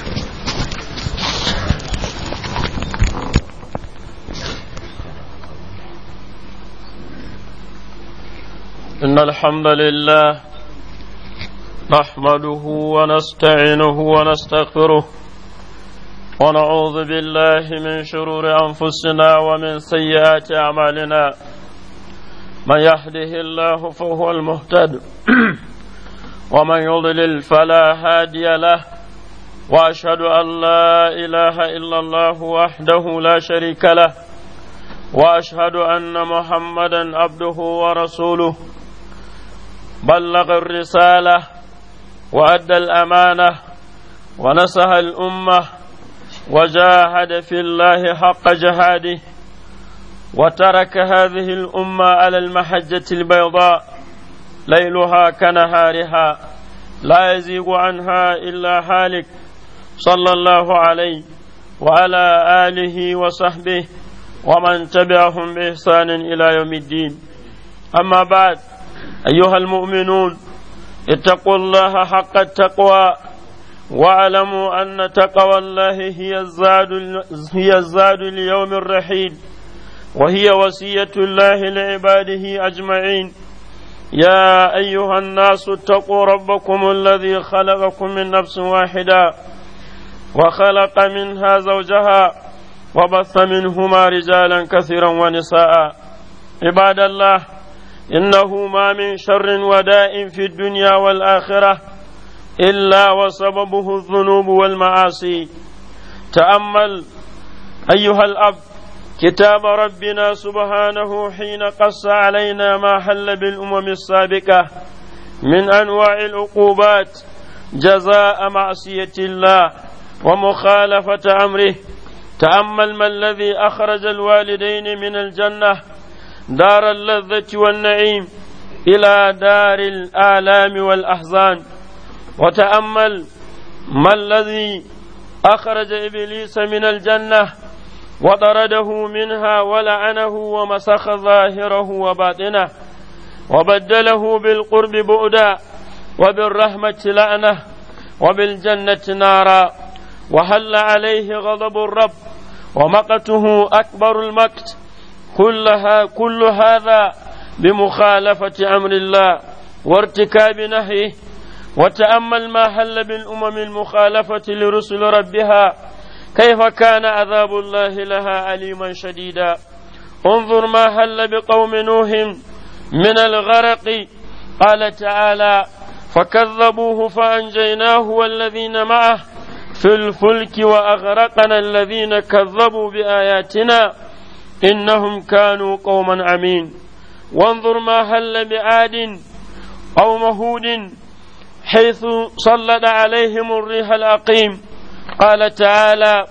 الوقت إن الحمد لله نحمده ونستعينه ونستغفره ونعوذ بالله من شرور أنفسنا ومن سيئات أعمالنا من يهده الله فهو المهتد ومن يضلل فلا هادي له واشهد ان لا اله الا الله وحده لا شريك له واشهد ان محمدا عبده ورسوله بلغ الرساله وادى الامانه ونصح الامه وجاهد في الله حق جهاده وترك هذه الامه على المحجه البيضاء ليلها كنهارها لا يزيغ عنها الا هالك صلى الله عليه وعلى آله وصحبه ومن تبعهم بإحسان إلى يوم الدين أما بعد أيها المؤمنون اتقوا الله حق التقوى واعلموا أن تقوى الله هي الزاد, هي الزاد اليوم الرحيل وهي وصية الله لعباده أجمعين يا أيها الناس اتقوا ربكم الذي خلقكم من نفس واحدة وخلق منها زوجها وبث منهما رجالا كثيرا ونساء عباد الله إنه ما من شر وداء في الدنيا والآخرة إلا وسببه الذنوب والمعاصي تأمل أيها الأب كتاب ربنا سبحانه حين قص علينا ما حل بالأمم السابقة من أنواع العقوبات جزاء معصية الله ومخالفة أمره تأمل ما الذي أخرج الوالدين من الجنة دار اللذة والنعيم إلى دار الآلام والأحزان وتأمل ما الذي أخرج إبليس من الجنة وطرده منها ولعنه ومسخ ظاهره وباطنه وبدله بالقرب بؤدا وبالرحمة لعنه وبالجنة نارا وهل عليه غضب الرب ومقته أكبر المقت كلها كل هذا بمخالفة أمر الله وارتكاب نهيه وتأمل ما هل بالأمم المخالفة لرسل ربها كيف كان عذاب الله لها عليما شديدا انظر ما هل بقوم نوح من الغرق قال تعالى فكذبوه فأنجيناه والذين معه في الفلك وأغرقنا الذين كذبوا بآياتنا إنهم كانوا قوما عمين وانظر ما هل بعاد قوم هود حيث صلد عليهم الريح العقيم قال تعالى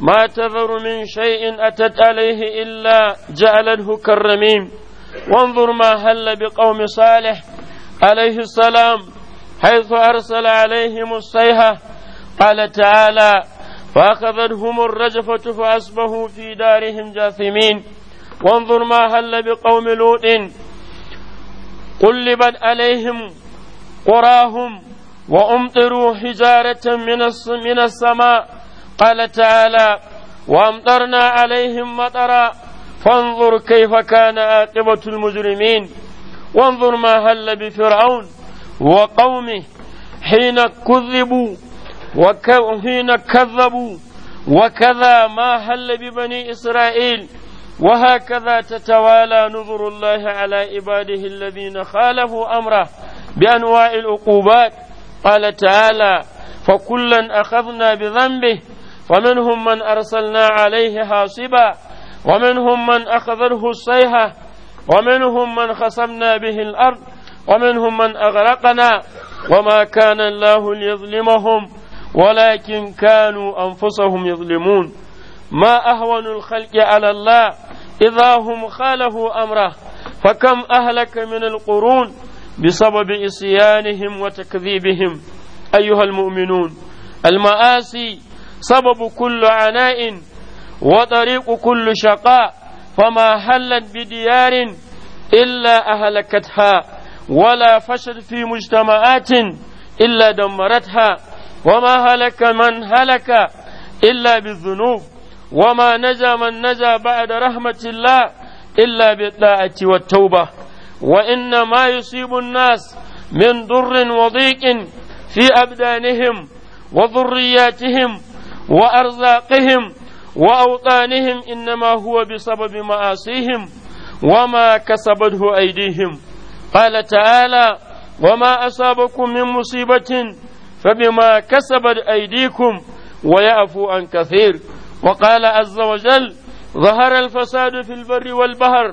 ما تذر من شيء أتت عليه إلا جعلته كالرميم وانظر ما هل بقوم صالح عليه السلام حيث أرسل عليهم الصيحة قال تعالى فأخذتهم الرجفة فأصبحوا في دارهم جاثمين وانظر ما هل بقوم لوط قلبت عليهم قراهم وأمطروا حجارة من السماء قال تعالى وأمطرنا عليهم مطرا فانظر كيف كان عاقبة المجرمين وانظر ما هل بفرعون وقومه حين كذبوا وحين كذبوا وكذا ما هل ببني إسرائيل وهكذا تتوالى نظر الله على عباده الذين خالفوا أمره بأنواع العقوبات قال تعالى فكلا أخذنا بذنبه فمنهم من أرسلنا عليه حاصبا ومنهم من أخذته الصيحة ومنهم من خصمنا به الأرض ومنهم من أغرقنا وما كان الله ليظلمهم ولكن كانوا أنفسهم يظلمون ما أهون الخلق على الله إذا هم خالفوا أمره فكم أهلك من القرون بسبب إسيانهم وتكذيبهم أيها المؤمنون المآسي سبب كل عناء وطريق كل شقاء فما حلت بديار إلا أهلكتها ولا فشل في مجتمعات إلا دمرتها وما هلك من هلك إلا بالذنوب وما نجا من نجا بعد رحمة الله إلا بالطاعة والتوبة وإنما يصيب الناس من ضر وضيق في أبدانهم وذرياتهم وأرزاقهم وأوطانهم إنما هو بسبب معاصيهم وما كسبته أيديهم قال تعالى وما أصابكم من مصيبة فبما كسبت أيديكم ويعفو عن كثير وقال عز وجل ظهر الفساد في البر والبحر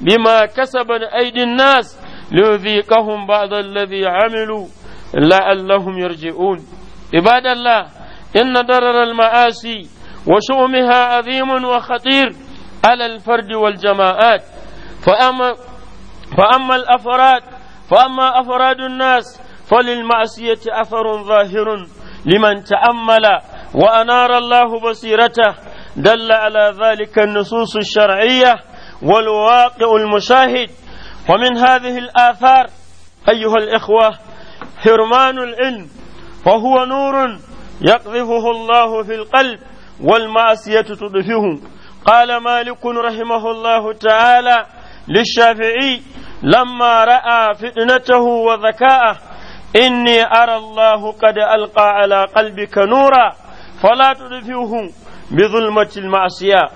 بما كسبت أيدي الناس ليذيقهم بعض الذي عملوا لعلهم يرجعون عباد الله إن ضرر المعاصي وشؤمها عظيم وخطير على الفرد والجماعات فأما, فأما الأفراد فأما أفراد الناس فللمعصية أثر ظاهر لمن تأمل وأنار الله بصيرته دل على ذلك النصوص الشرعية والواقع المشاهد ومن هذه الآثار أيها الإخوة حرمان العلم وهو نور يقذفه الله في القلب والمعصية تطفئه قال مالك رحمه الله تعالى للشافعي لما رأى فتنته وذكاءه إني أرى الله قد ألقى على قلبك نورا فلا تدفعه بظلمة المعصية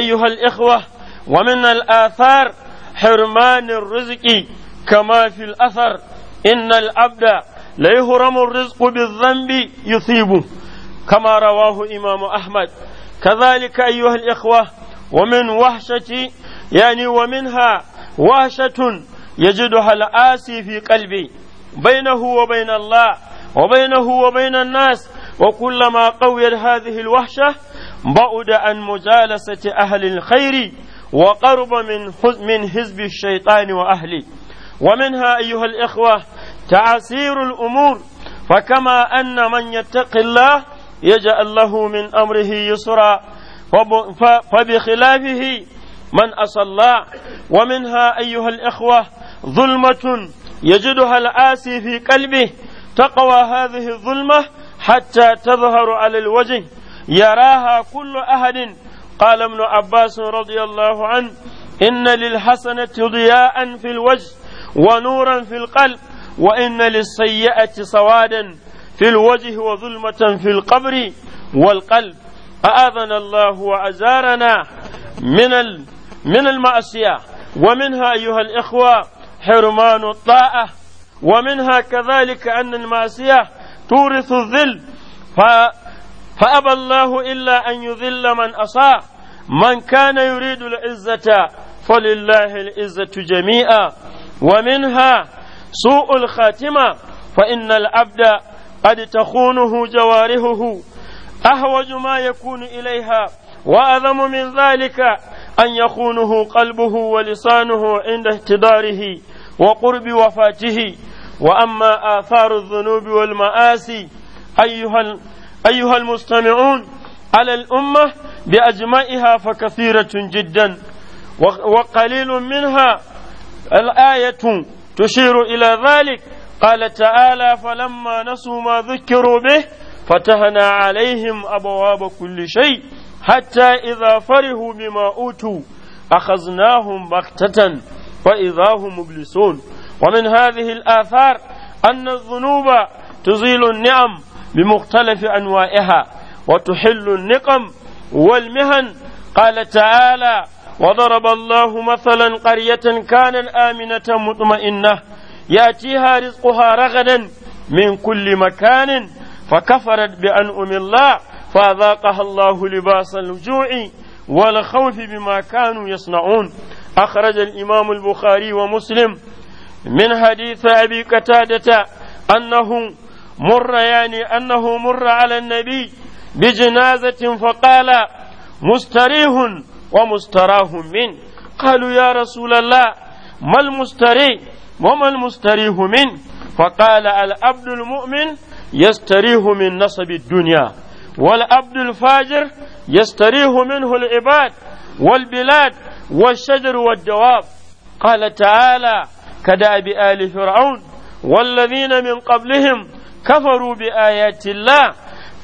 أيها الإخوة ومن الآثار حرمان الرزق كما في الأثر إن العبد ليهرم الرزق بالذنب يصيبه كما رواه إمام أحمد كذلك أيها الإخوة ومن وحشة يعني ومنها وحشة يجدها الآسي في قلبي بينه وبين الله وبينه وبين الناس وكلما قويت هذه الوحشة بعد عن مجالسة أهل الخير وقرب من من حزب الشيطان وأهله ومنها أيها الإخوة تعسير الأمور فكما أن من يتق الله يجعل له من أمره يسرا فبخلافه من أصلى ومنها أيها الإخوة ظلمة يجدها الآسي في قلبه تقوى هذه الظلمة حتى تظهر على الوجه يراها كل أحد قال ابن عباس رضي الله عنه إن للحسنة ضياء في الوجه ونورا في القلب وإن للسيئة سوادا في الوجه وظلمة في القبر والقلب أعاذنا الله وأزارنا من من المعصية ومنها أيها الإخوة حرمان الطاعة ومنها كذلك أن المعصية تورث الذل ف... فأبى الله إلا أن يذل من أصاع من كان يريد العزة فلله العزة جميعا ومنها سوء الخاتمة فإن العبد قد تخونه جوارحه أهوج ما يكون إليها وأعظم من ذلك أن يخونه قلبه ولسانه عند اهتداره وقرب وفاته وأما آثار الذنوب والمآسي أيها, أيها المستمعون على الأمة بأجمعها فكثيرة جدا وقليل منها الآية تشير إلى ذلك قال تعالى فلما نسوا ما ذكروا به فتحنا عليهم أبواب كل شيء حتى إذا فرحوا بما أوتوا أخذناهم بغتة وإذا هم مبلسون ومن هذه الآثار أن الذنوب تزيل النعم بمختلف أنواعها وتحل النقم والمهن قال تعالى وضرب الله مثلا قرية كانت آمنة مطمئنة يأتيها رزقها رغدا من كل مكان فكفرت بأنعم الله فأذاقها الله لباس الجوع والخوف بما كانوا يصنعون أخرج الإمام البخاري ومسلم من حديث أبي قتادة أنه مر يعني أنه مر على النبي بجنازة فقال مستريح ومستراح من قالوا يا رسول الله ما المستريح وما المستريح من فقال العبد المؤمن يستريح من نصب الدنيا والعبد الفاجر يستريح منه العباد والبلاد والشجر والدواب قال تعالى كداب آل فرعون والذين من قبلهم كفروا بآيات الله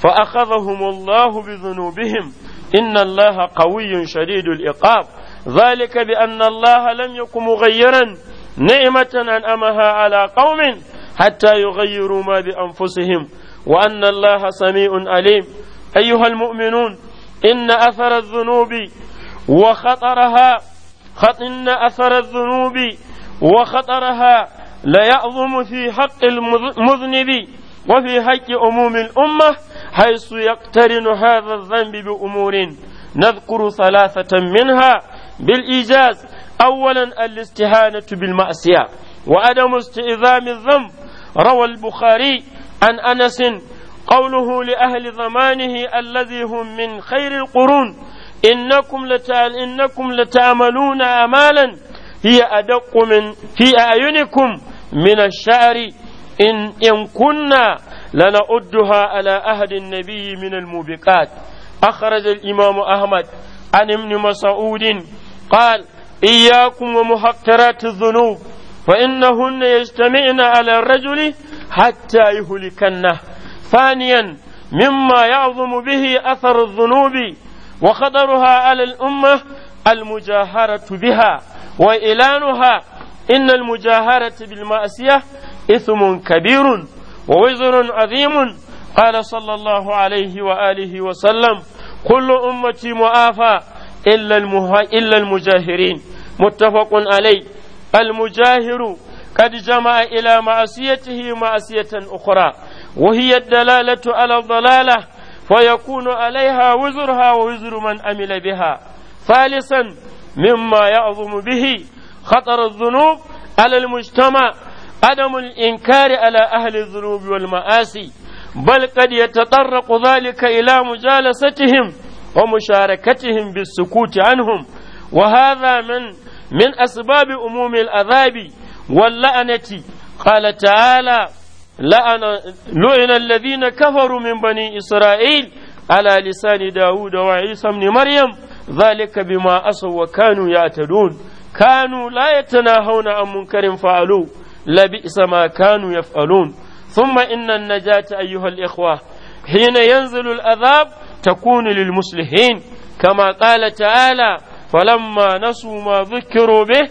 فأخذهم الله بذنوبهم إن الله قوي شديد العقاب ذلك بأن الله لم يكن مغيرا نعمة أنأمها على قوم حتى يغيروا ما بأنفسهم وأن الله سميع عليم أيها المؤمنون إن أثر الذنوب وخطرها إن أثر الذنوب وخطرها ليعظم في حق المذنب وفي حق أموم الأمة حيث يقترن هذا الذنب بأمور نذكر ثلاثة منها بالإيجاز أولا الاستهانة بالمعصية وعدم استئذام الذنب روى البخاري عن أنس قوله لأهل زمانه الذي هم من خير القرون إنكم لتعملون إنكم لتعملون أعمالا هي أدق من في أعينكم من الشعر إن إن كنا لنعدها على أهد النبي من الموبقات أخرج الإمام أحمد عن ابن مسعود قال إياكم ومحقرات الذنوب فإنهن يجتمعن على الرجل حتى يهلكنه ثانيا مما يعظم به أثر الذنوب وخطرها على الأمة المجاهرة بها وإلانها إن المجاهرة بالمعصية إثم كبير ووزر عظيم قال صلى الله عليه وآله وسلم كل أمتي معافى إلا, المه... إلا المجاهرين متفق عليه المجاهر قد جمع إلى معصيته معصية أخرى وهي الدلالة على الضلالة فيكون عليها وزرها ووزر من عمل بها ثالثا مما يعظم به خطر الذنوب على المجتمع عدم الإنكار على أهل الذنوب والمآسي بل قد يتطرق ذلك إلى مجالستهم ومشاركتهم بالسكوت عنهم وهذا من من أسباب أموم العذاب واللعنة قال تعالى la'ana lu'ina alladhina kafaru min bani isra'il ala lisani dawud wa isa ibn maryam dhalika bima asaw wa kanu ya'tadun kanu la yatanahawna na munkarin fa'alu لبئس ما كانوا يفعلون ثم إن النجاة أيها الإخوة حين ينزل الأذاب تكون للمصلحين كما قال تعالى فلما نسوا ما ذكروا به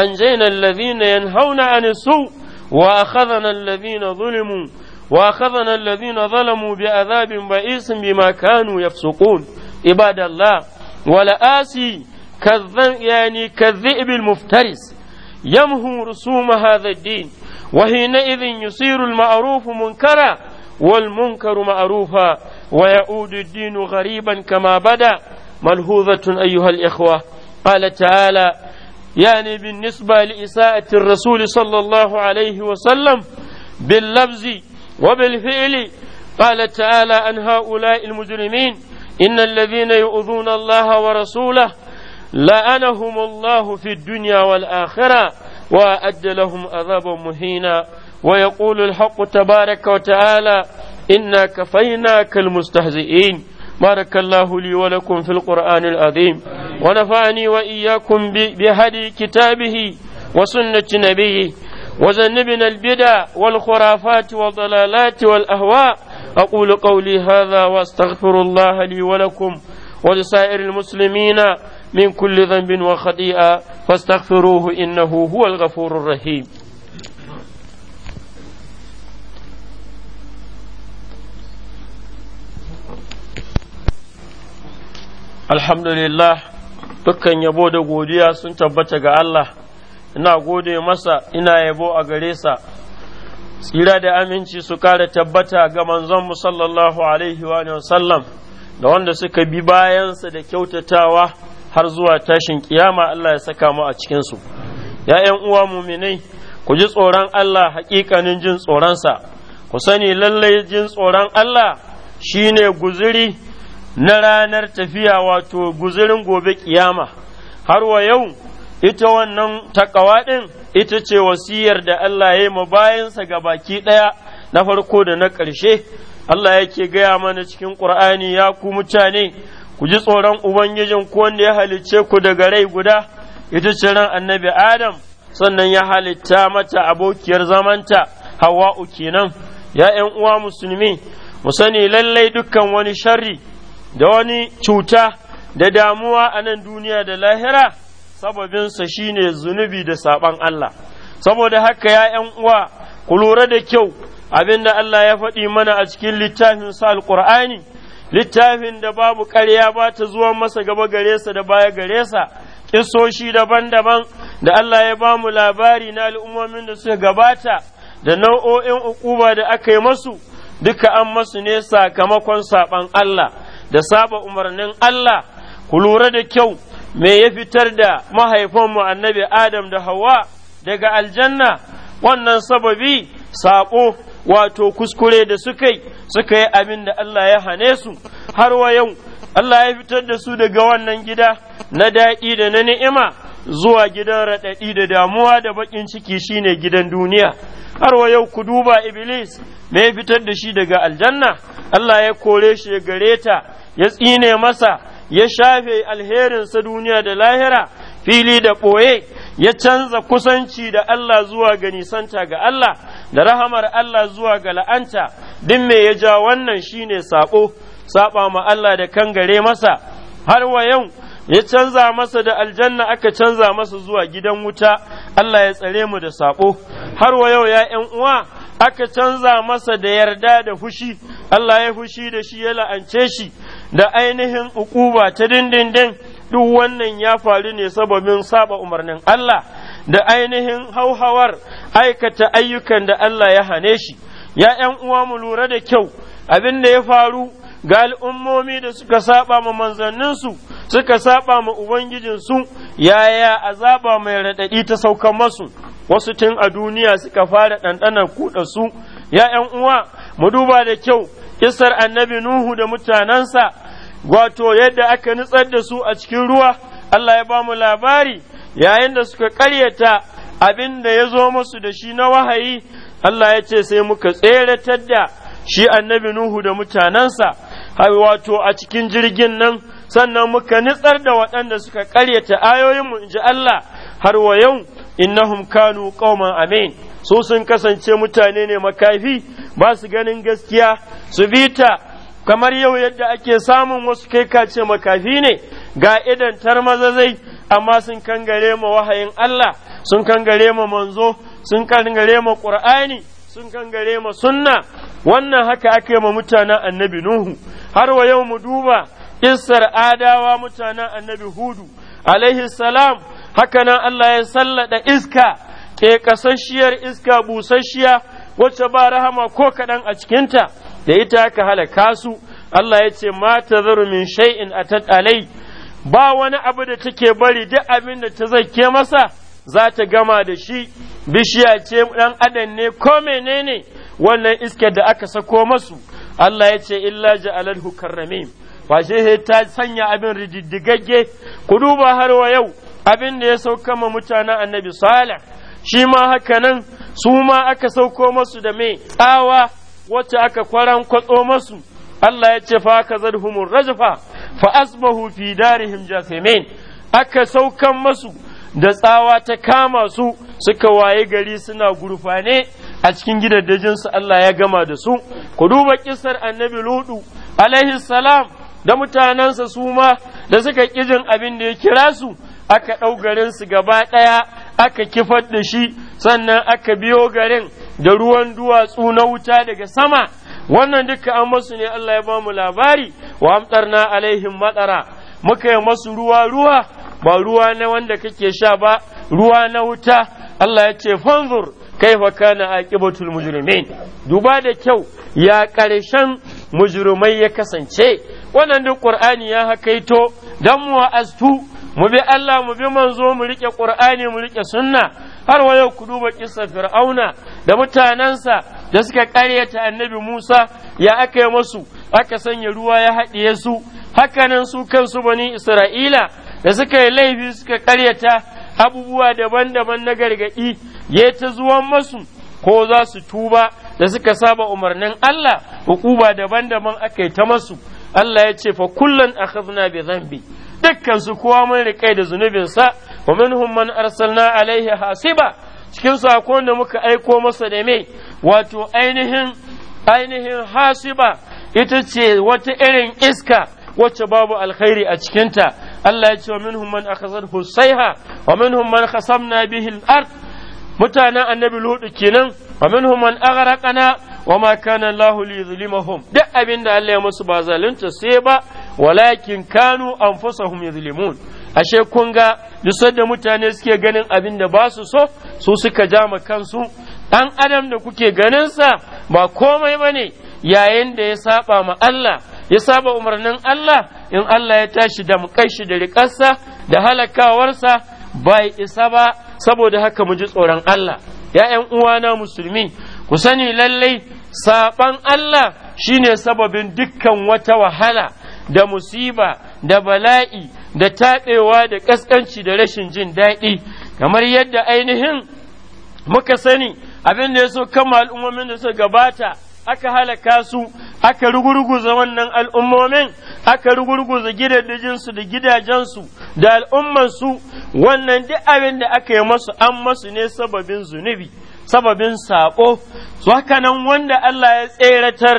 أنجينا الذين ينهون عن السوء وأخذنا الذين ظلموا وأخذنا الذين ظلموا بعذاب بئيس بما كانوا يفسقون عباد الله ولآسي كالذئب يعني كالذئب المفترس يمهو رسوم هذا الدين وحينئذ يصير المعروف منكرا والمنكر معروفا ويعود الدين غريبا كما بدا ملحوظة أيها الإخوة قال تعالى يعني بالنسبة لإساءة الرسول صلى الله عليه وسلم باللفظ وبالفعل قال تعالى عن هؤلاء المجرمين إن الذين يؤذون الله ورسوله لعنهم الله في الدنيا والآخرة وأد لهم عذابا مهينا ويقول الحق تبارك وتعالى إنا كفيناك المستهزئين بارك الله لي ولكم في القرآن العظيم ونفعني وإياكم بهدي كتابه وسنة نبيه وجنبنا البدع والخرافات والضلالات والأهواء أقول قولي هذا وأستغفر الله لي ولكم ولسائر المسلمين من كل ذنب وخطيئة فاستغفروه إنه هو الغفور الرحيم Alhamdulillah dukkan yabo da godiya sun tabbata ga Allah, ina gode masa ina yabo a gare sa, tsira da aminci su kara tabbata ga mu sallallahu Alaihi wa sallam da wanda suka bi bayansa da kyautatawa har zuwa tashin kiyama Allah ya saka mu a cikinsu. ‘Ya'yan uwa muminai, ku ji tsoron Allah haƙiƙanin jin tsoronsa, ku sani lallai jin tsoron Allah shine guziri. na ranar tafiya wato guzurin gobe kiyama har wa yau ita wannan takawa ɗin ita ce wasiyar da Allah ya yi ma bayansa ga baki ɗaya na farko da na ƙarshe Allah yake gaya mana cikin ƙur'ani ya ku mutane ku ji tsoron ubangijin ku wanda ya halicce ku daga rai guda ita ce ran annabi adam sannan ya halitta mata abokiyar zamanta hawa'u kenan ya 'yan uwa musulmi mu sani lallai dukkan wani sharri da wani cuta da damuwa a nan duniya da lahira sababinsa shine zunubi da saban Allah saboda haka ya ‘yan uwa ku lura da kyau abinda Allah ya faɗi mana a cikin littafin sa alƙur'ani littafin da babu ƙarya ba ta zuwa masa gaba gare sa da baya gare sa ƙisoshi daban-daban da Allah ya ba mu labari na al'ummomin da suka gabata da nau'o'in uquba da aka yi masu duka an masu ne sakamakon saɓan Allah da saba umarnin Allah ku lura da kyau me ya fitar da mahaifinmu annabi Adam da Hawa daga aljanna wannan sababi saƙo wato kuskure da suka yi suka yi abin da Allah ya hane su har wa yau Allah ya fitar da su daga wannan gida na daɗi da na ni'ima zuwa gidan raɗaɗi da damuwa da baƙin ciki shine gidan duniya har wa yau ku duba iblis me ya fitar da shi daga aljanna Allah ya kore shi gareta gare ya tsine masa ya shafe alherinsa duniya da lahira fili da ɓoye ya canza kusanci da Allah zuwa ga nisanta ga Allah da rahamar Allah zuwa ga la'anta duk me ya ja wannan shine saƙo. Saɓa ma Allah da kangare masa har wa yau ya canza masa da aljanna aka canza masa zuwa gidan wuta Allah ya tsare mu da saƙo. har wa yau ya ’yan uwa aka canza masa da yarda da fushi Allah ya fushi da shi ya la'ance shi da ainihin ukuba ta dindindin duk wannan ya faru ne sababin saba umarnin Allah da ainihin hauhawar aikata ayyukan da Allah ya hane shi ya ‘yan uwa mu lura da kyau abin da ya faru ga al'ummomi da suka saba ma manzanninsu suka saba ma Ubangijinsu yaya azaba mai raɗaɗi ta saukan masu wasu tun a duniya suka fara ɗanɗanar kuɗa su ya ‘yan uwa mu duba da kyau kisar annabi Nuhu da mutanensa, wato yadda aka nutsar da su a cikin ruwa, Allah ya ba mu labari yayin da suka karyata abin da ya zo musu da shi na wahayi, Allah ya ce sai muka tseratar da shi annabi Nuhu da mutanensa, wato a cikin jirgin nan, sannan muka nutsar da waɗanda suka ƙaryata ayoyinmu in ji Allah har wa yau innahum kanu qauman amin. su sun kasance mutane ne makafi ba su ganin gaskiya su bita. kamar yau yadda ake samun wasu kai kace makafi ne ga idan tarmazazai amma sun kangare ma wahayin Allah sun kangare ma manzo sun kangare ma Qur'ani sun kangare ma sunna wannan haka ake ma mutanen annabi Nuhu har wa yau mu duba isar adawa mutanen annabi Hudu alaihi salam haka nan Allah ya sallada iska ke kasasshiyar iska busasshiya wacce ba rahama ko kaɗan a cikinta da ita ka halaka su Allah ya ce ma tazaru min shay'in a alai ba wani abu da take bari duk abin da ta zake masa za ta gama da shi bishiya ce ɗan adan ne ko menene wannan iska da aka sako masu Allah ya ce illa ja'alalhu karramim washe ta sanya abin rididdigagge ku duba har wa yau abin da ya sauka ma mutanen annabi salih shi ma haka nan su ma aka sauko masu da mai tsawa wacce aka kwaran kwatso masu Allah ya ce fa ka zarhumun rajfa fa asbahu fi darihim jasimin aka saukan masu da tsawa ta kama su suka waye gari suna gurfane a cikin su Allah ya gama da su ku duba kisar annabi ludu alaihi salam da mutanansa su ma da suka kijin abin da ya kira su aka ɗau su gaba ɗaya aka kifar da shi sannan aka biyo garin da ruwan duwatsu na wuta daga sama wannan duka an masu ne Allah ya ba mu labari wa amtarna alaihim matsara muka yi masu ruwa ruwa ba ruwa na wanda kake sha ba ruwa na wuta Allah ya ce fanzur kai kana aqibatul mujrimin duba da kyau ya karshen mujrimai ya kasance wannan duk ƙur'ani ya hakaito dan mu mu bi Allah mu bi manzo mu rike Qur'ani mu rike sunna har wa ku duba kissa Fir'auna da mutanensa da suka karyata Annabi Musa ya aka yi musu aka sanya ruwa ya haɗiye su hakanan su kansu bani Isra'ila da suka yi laifi suka karyata abubuwa daban-daban na gargaɗi ya ta zuwan masu ko za su tuba da suka saba umarnin Allah hukuba daban-daban aka yi ta masu Allah ya ce fa kullun akhadna bi dhanbi dukkan su kowa mun riƙe da zunubinsa wa minhum man arsalna alaihi hasiba cikin sakon da muka aiko masa da mai wato ainihin ainihin hasiba ita ce wata irin iska wacce babu alkhairi a cikinta Allah ya ce wa minhum man akhazat husaiha wa minhum man khasamna bihi al-ard mutanen annabi lutu kenan wa minhum man aghraqana wa ma kana Allah li yuzlimahum duk abin da Allah ya musu ba zalunta sai ba walakin kanu anfusahum yuzlimun ashe kun ga duk sanda mutane suke ganin abin da ba su so su suka jama kansu dan adam da kuke ganin sa ba komai bane yayin da ya saba ma Allah ya saba umarnin Allah in Allah ya tashi da shi da rikarsa da halakawarsa bai isa ba saboda haka mu ji tsoron Allah ya ‘ya'yan uwana musulmi ku sani lallai saɓan Allah shine sababin dukkan wata wahala da musiba da bala'i da taɓewa da ƙasƙanci da rashin jin daɗi kamar yadda ainihin muka sani abin da ya so kama al'ummomin da suka gabata aka halaka su aka rugurguza wannan al'ummomin aka rugurguza gidajensu da gidajensu da al'ummansu wannan duk abin da aka yi masu an masu ne sababin zunubi sababin saƙo, haka nan wanda Allah ya tseratar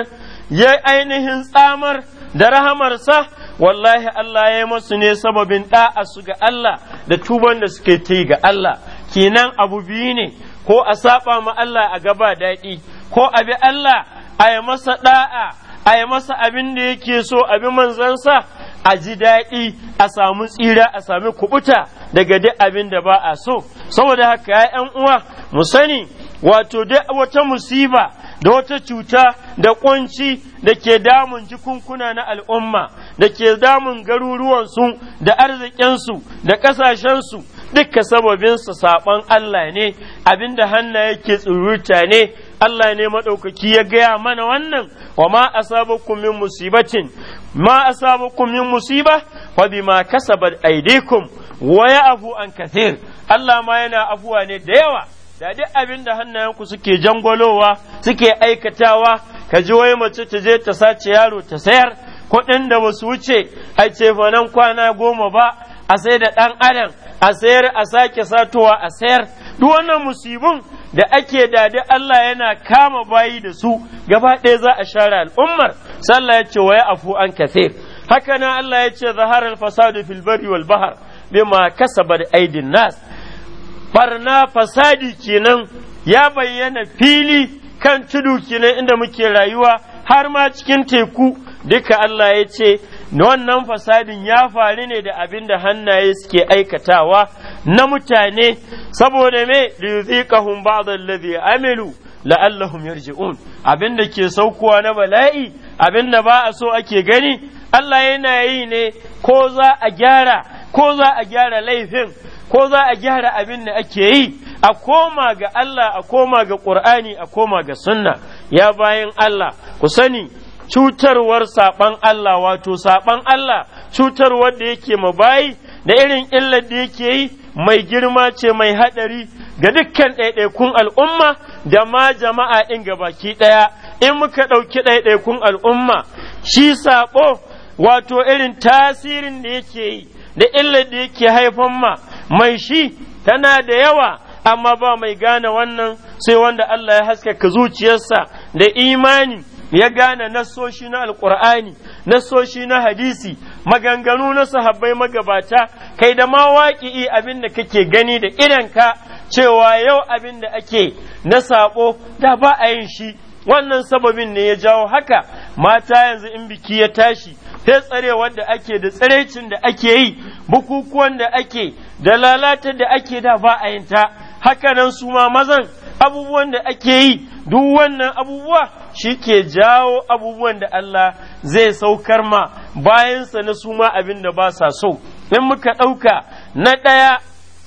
ya ainihin tsamar da rahamarsa, wallahi Allah ya yi masu ne sababin ɗa'a su ga Allah da tuban da suke ta ga Allah, kenan abu biyu ne, ko a saɓa ma Allah a gaba daɗi, ko a bi Allah a yi masa ɗa'a, a yi masa abin da yake so, a bi manzansa, a ji daɗi a samu tsira a sami kubuta daga duk abin da ba a so saboda haka ya 'yan uwa mu sani wato dai wata musiba da wata cuta da kunci da ke damun jikunkuna na al'umma da ke damun garuruwansu da arzikinsu da ƙasashensu duka sababinsa saɓon Allah ne abinda hanna yake tsururta ne Allah ne maɗaukaki ya gaya mana wannan wa ma asabakum min musibatin ma asabakum min musiba wa bima kasabat aydikum wa ya'fu an kathir Allah ma yana afuwa ne da yawa da duk abin da hannayenku suke jangwalowa suke aikatawa ka ji wai mace ta je ta sace yaro ta sayar kuɗin da ba wuce a ce nan kwana goma ba a sai da ɗan adam a sayar a sake satowa a sayar duk wannan musibin da ake dadi Allah yana kama bayi da su gaba ɗaya za a share al'ummar sallah ya ce wa afu an kafe haka nan Allah ya ce zaharar fasadu fil bari wal bahar bima kasabar aidin nas barna fasadi kenan ya bayyana fili kan tudu kenan inda muke rayuwa har ma cikin teku duka Allah ya ce wannan fasadin ya faru ne da abin da hannaye suke aikatawa na mutane saboda me liziqahum ba'd allazi amilu la'allahum yarji'un abin da ke saukowa na bala'i abin da ba a so ake gani Allah yana yi ne ko za ko za a gyara laifin ko za a gyara abin da ake yi a koma ga Allah a koma ga Qur'ani a koma ga sunna ya bayan Allah ku sani cutarwar saɓan Allah wato saban Allah cutarwar da yake ma bayi da irin illar da yake yi mai girma ce mai haɗari, ga dukkan ɗaiɗaikun al'umma da ma jama'a ɗin gabaki ɗaya in muka ɗauki ɗaiɗaikun al'umma shi saɓo wato irin tasirin da yake yi da illar da yake haifan ma mai shi tana da yawa amma ba mai gane wannan sai wanda Allah ya haskaka zuciyarsa da imani ya gane nasoshi na alkur'ani nasoshi na hadisi maganganu na sahabbai magabata kai da ma waƙi'i abin da kake gani da idanka cewa yau abin da ake na saɓo da ba a yin shi wannan sababin ne ya jawo haka mata yanzu in biki ya tashi sai tsarewar da ake da tsiraicin da ake yi bukukuwan da ake da lalatar da ake da ba a yinta hakanan su ma mazan abubuwan da ake yi duk wannan abubuwa shi ke jawo abubuwan da Allah zai saukar ma bayansa na su ma abin da ba sa so in muka ɗauka na ɗaya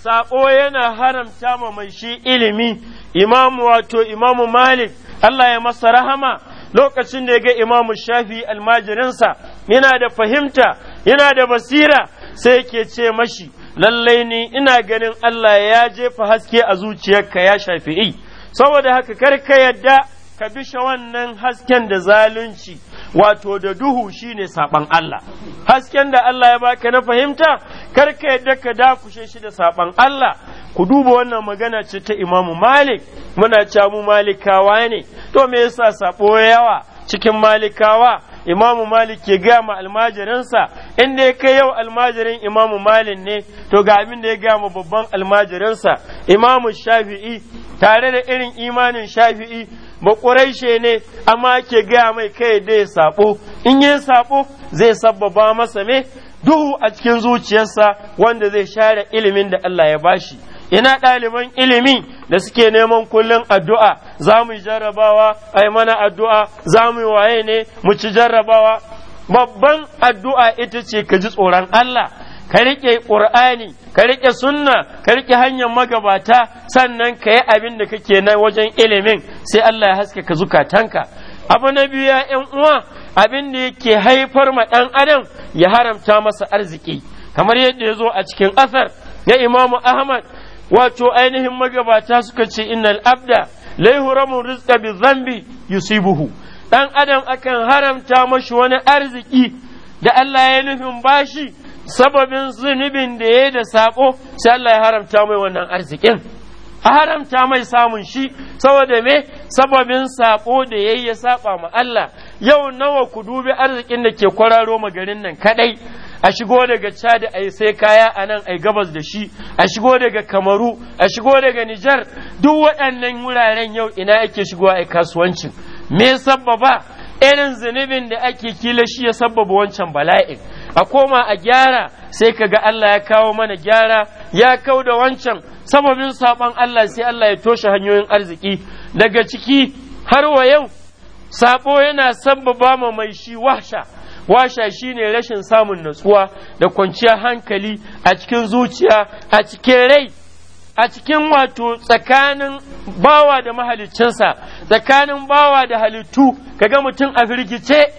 saƙo yana haramta ma mai shi ilimi imamu wato imamu malik Allah ya masa rahama lokacin da ya ga imamu shafi almajirinsa yana da fahimta yana da basira sai ke ce mashi lallai ni ina ganin Allah ya jefa haske a zuciyarka ya shafi'i saboda haka kar ka yadda ka bisha wannan hasken da zalunci wato da duhu shine saban Allah hasken da Allah ya baka na fahimta kar ka yadda ka dakushe shi da saban Allah ku duba wannan magana ce ta Imamu Malik muna cewa mu Malikawa ne to me yasa sabo yawa cikin Malikawa imamu malik ke gaya ma almajirinsa in dai kai yau almajirin imamu malik ne to ga abin da ya gaya ma babban almajirinsa imamu shafi'i tare da irin imanin shafi'i ba ƙuraishe ne amma ke gaya mai kai dai sabo in yi sabo zai sabbaba masa me duhu a cikin zuciyarsa wanda zai share ilimin da Allah ya bashi ina ɗaliban ilimi da suke neman kullum addu'a za mu yi jarrabawa ai mana addu'a za mu yi waye ne mu ci jarrabawa babban addu'a ita ce ka ji tsoron Allah ka riƙe ƙur'ani ka riƙe sunna ka riƙe hanyar magabata sannan ka yi abin da kake nan wajen ilimin sai Allah ya haske ka zukatanka abu na biyu ya ‘yan uwa abin da yake haifar ma ɗan adam ya haramta masa arziki kamar yadda ya zo a cikin asar na imamu ahmad wato ainihin magabata suka ce innal abda lai huramun rizqa bi zambi yusibuhu dan adam akan haramta mashi wani arziki da Allah ya nufin bashi sababin zunubin da ya da sako sai Allah ya haramta mai wannan arzikin a haramta mai samun shi saboda me sababin sako da ya ya saba ma Allah yau nawa ku dubi arzikin da ke kwararo magarin nan kadai a shigo daga Chad a sai kaya a nan a gabas da shi a shigo daga Kamaru a shigo daga Nijar duk waɗannan wuraren yau ina ake shigowa a kasuwancin me sabbaba irin zunubin da ake kila shi ya sabbaba wancan bala'in a koma a gyara sai ka ga Allah ya kawo mana gyara ya kau da wancan sababin saban Allah sai Allah ya toshe hanyoyin arziki daga ciki har wa yau sabo yana sabbaba ma mai shi wahsha washa shine rashin samun natsuwa da kwanciyar hankali a cikin zuciya a cikin rai a cikin wato tsakanin bawa da mahaliccinsa tsakanin bawa da halittu kaga mutum a firgice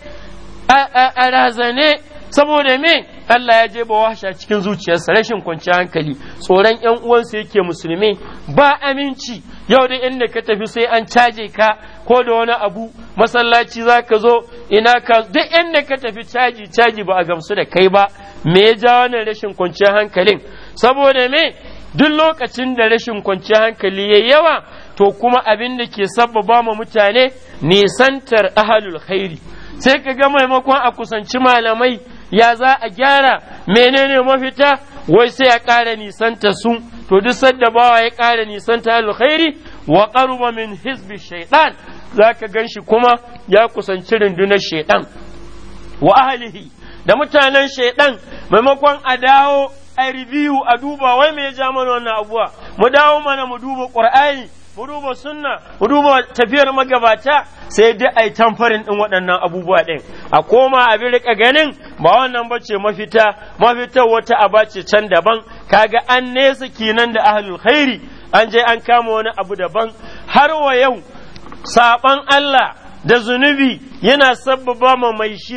a razane saboda me Allah ya je ba wahsha cikin zuciyarsa rashin kwanciyar hankali tsoron ƴan uwansa yake musulmi ba aminci yau da inda ka tafi sai an caje ka ko da wani abu masallaci za ka zo ina ka duk inda ka tafi caji caji ba a gamsu da kai ba me ya ja wannan rashin kwanciyar hankalin saboda me duk lokacin da rashin kwanciyar hankali ya yawa to kuma abin da ke sabbaba ma mutane nisantar ahalul khairi sai ka ga maimakon a kusanci malamai ya za a gyara menene mafita wai sai ya ƙara nisanta su to duk sadda bawa ya ƙara nisanta alkhairi wa qaruba min hizbi shaytan zaka ganshi kuma ya kusanci rundunar shaytan wa ahlihi da mutanen shaidan maimakon a dawo a review a duba wai me ya ja mana wannan abuwa mu dawo mana mu duba qur'ani mu duba sunna mu tafiyar magabata sai dai a yi tamfarin ɗin waɗannan abubuwa ɗin a koma abin riƙa ganin ba wannan ba ce mafita mafita wata aba ce can daban kaga an nesa kinan da ahalul khairi an je an kama wani abu daban har wa yau saɓan Allah da zunubi yana sabbaba ma mai shi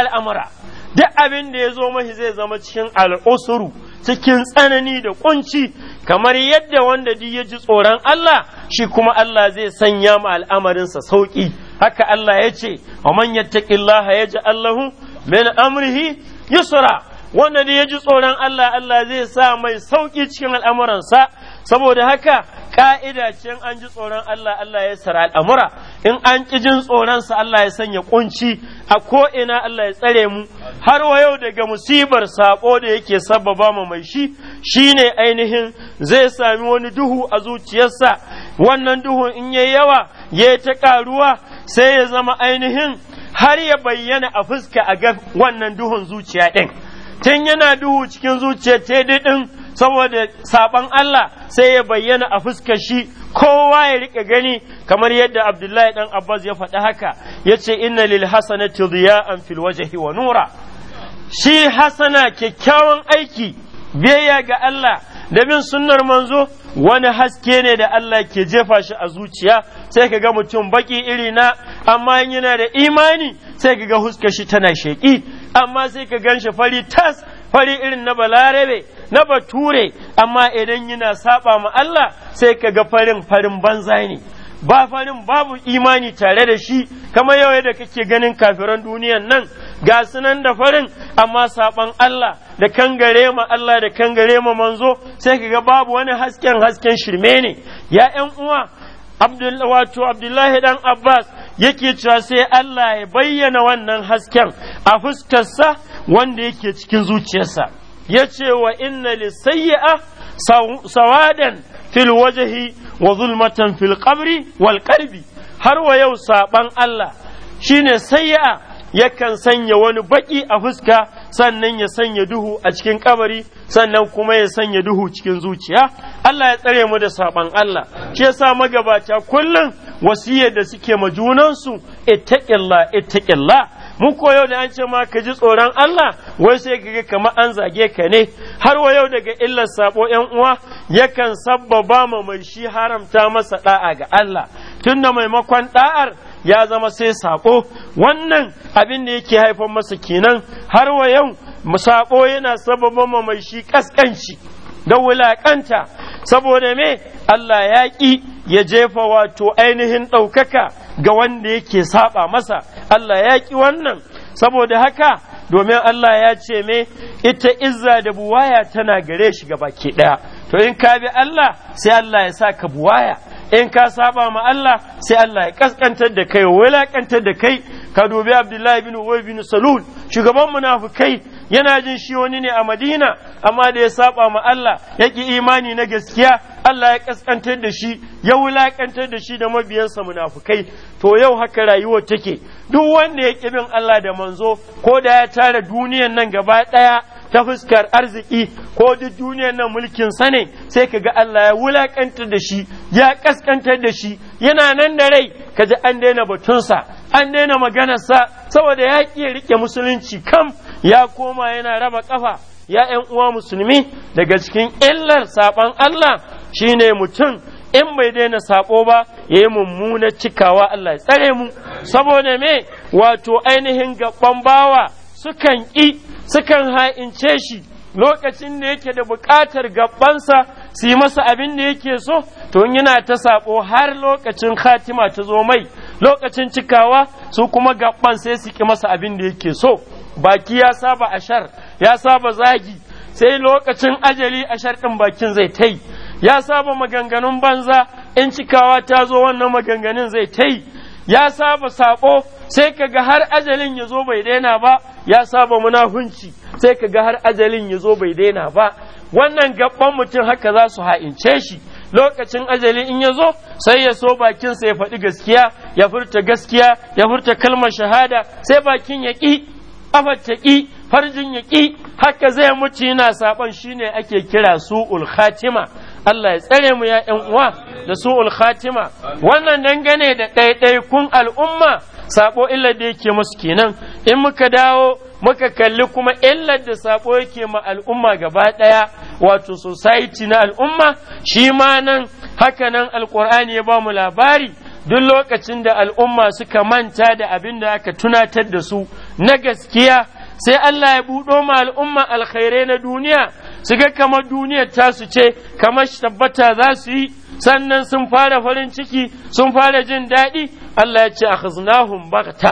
al'amura duk abin da ya zo mashi zai zama cikin al'usuru cikin tsanani da kunci kamar yadda wanda duk ya ji tsoron Allah shi kuma Allah zai sanya ma al'amarinsa sauƙi haka Allah ya ce wa man yattaqillaha yaj'al lahu min amrihi yusra wanda duk ya ji tsoron Allah Allah zai sa mai sauƙi cikin al'amuransa saboda haka ka'ida ce an ji tsoron Allah Allah ya sara al'amura in an ki jin sa Allah ya sanya kunci a ko ina Allah ya tsare mu har wa yau daga musibar sako da yake sabbaba ma mai shi shine ainihin zai sami wani duhu a zuciyarsa wannan duhun in yayi yawa ya ta ƙaruwa sai ya zama ainihin har ya bayyana a fuska a ga wannan duhun zuciya ɗin tun yana duhu cikin zuciya ce ɗin saboda saban Allah sai ya bayyana a fuskar shi kowa ya rika gani kamar yadda Abdullahi dan Abbas ya faɗi haka ya yace inna lil hasanati dhiya'an fil wajhi wa nura shi hasana kyakkyawan aiki biyayya ga Allah da bin sunnar manzo wani haske ne da Allah ke jefa shi a zuciya sai ka ga mutum baki iri na amma yana da imani sai ka ga huskar shi tana sheki amma sai ka ganshi fari tas fari irin na balarabe na bature amma idan yana saba ma Allah sai kaga farin farin banza ne ba farin babu imani tare da shi kamar yau da kake ganin kafiran duniyan nan ga sunan da farin amma saban Allah da kangare ma Allah da kangare ma manzo sai kaga babu wani hasken hasken shirme ne ya ƴan uwa wato Abdullahi dan Abbas yake cewa sai Allah ya bayyana wannan hasken a fuskarsa wanda yake cikin zuciyarsa Yace ce wa inna lisayya'a sawadan fil wajahi wa zulmatan fil qabri wal qalbi har wa yau saban Allah shine sayya'a yakan sanya wani baki a fuska sannan ya sanya duhu a cikin kabari sannan kuma ya sanya duhu cikin zuciya Allah ya tsare mu da saban Allah shi yasa magabata kullum wasiyar da suke ma junansu ittaqillah ittaqillah mu ko yau da an ce ma ka ji tsoron Allah wai sai ka ga kamar an zage ka ne har wa yau daga illar sabo yan uwa yakan sabbaba ma mai shi haramta masa da'a ga Allah tunda maimakon da'ar ya zama sai sako wannan abin da yake haifar masa kenan har wa yau sako yana sabbaba ma mai shi kaskanci da wulakanta saboda me Allah ya ki ya jefa wato ainihin ɗaukaka ga wanda yake saba masa Allah ya ki wannan saboda haka domin Allah ya ce me ita izza da buwaya tana gare shi gaba ke daya to in ka bi Allah sai Allah ya sa ka buwaya in ka saba ma Allah sai Allah ya kaskantar da kai wulakantar da kai ka dubi Abdullahi bin Uwai bin Salul shugaban munafukai yana jin shi wani ne a madina amma da ya saba ma Allah ya ki imani na gaskiya Allah ya kaskantar da shi ya wulakantar da shi da mabiyansa munafukai to yau haka rayuwar take duk wanda ya ki bin Allah da manzo ko da ya tara duniyan nan gaba daya ta fuskar arziki ko duk duniyar nan mulkin sa ne sai ka ga Allah ya wulakantar da shi ya kaskantar da shi yana nan da rai kaji an daina batunsa an daina maganarsa saboda ya ƙi rike musulunci kam ya koma yana raba ƙafa ya ‘yan uwa musulmi daga cikin illar saɓan Allah shine mutum in bai daina saɓo ba ya yi mummuna cikawa Allah ya tsare mu saboda me wato ainihin gaban bawa sukan ƙi sukan ha'ince shi lokacin da yake da buƙatar gabansa su yi masa abin da yake so to yana ta saɓo har lokacin khatima ta zo mai lokacin cikawa su kuma gaban sai su ki masa abin da yake so baki ya saba ashar ya saba zagi sai lokacin ajali ashar ɗin bakin zai tai ya saba maganganun banza in cikawa ta zo wannan maganganun zai tai ya saba sako sai kaga har ajalin ya zo bai daina ba ya saba munafunci sai kaga har ajalin ya zo bai daina ba wannan gaban mutum haka za su ha'ince shi lokacin ajali in ya zo sai ya so bakinsa ya faɗi gaskiya ya furta gaskiya ya furta kalmar shahada sai bakin ya ƙi afar ta ƙi farjin ya ƙi haka zai mutu yana saɓon shine ake kira su'ul khatima Allah ya tsare mu ya uwa da su'ul khatima wannan dangane da ɗaiɗaikun al'umma sabo illar da yake musu kenan in muka dawo muka kalli kuma illar da sabo yake ma al'umma gaba ɗaya wato society na al'umma shi ma nan haka nan alkur'ani ya ba mu labari duk lokacin da al'umma suka manta da abin da aka tunatar da su na gaskiya sai Allah ya buɗo ma al'umma alkhairai na duniya su ga kamar duniyar su ce kamar tabbata za su yi sannan sun fara farin ciki sun fara jin daɗi Allah ya ce a khaznahum bagta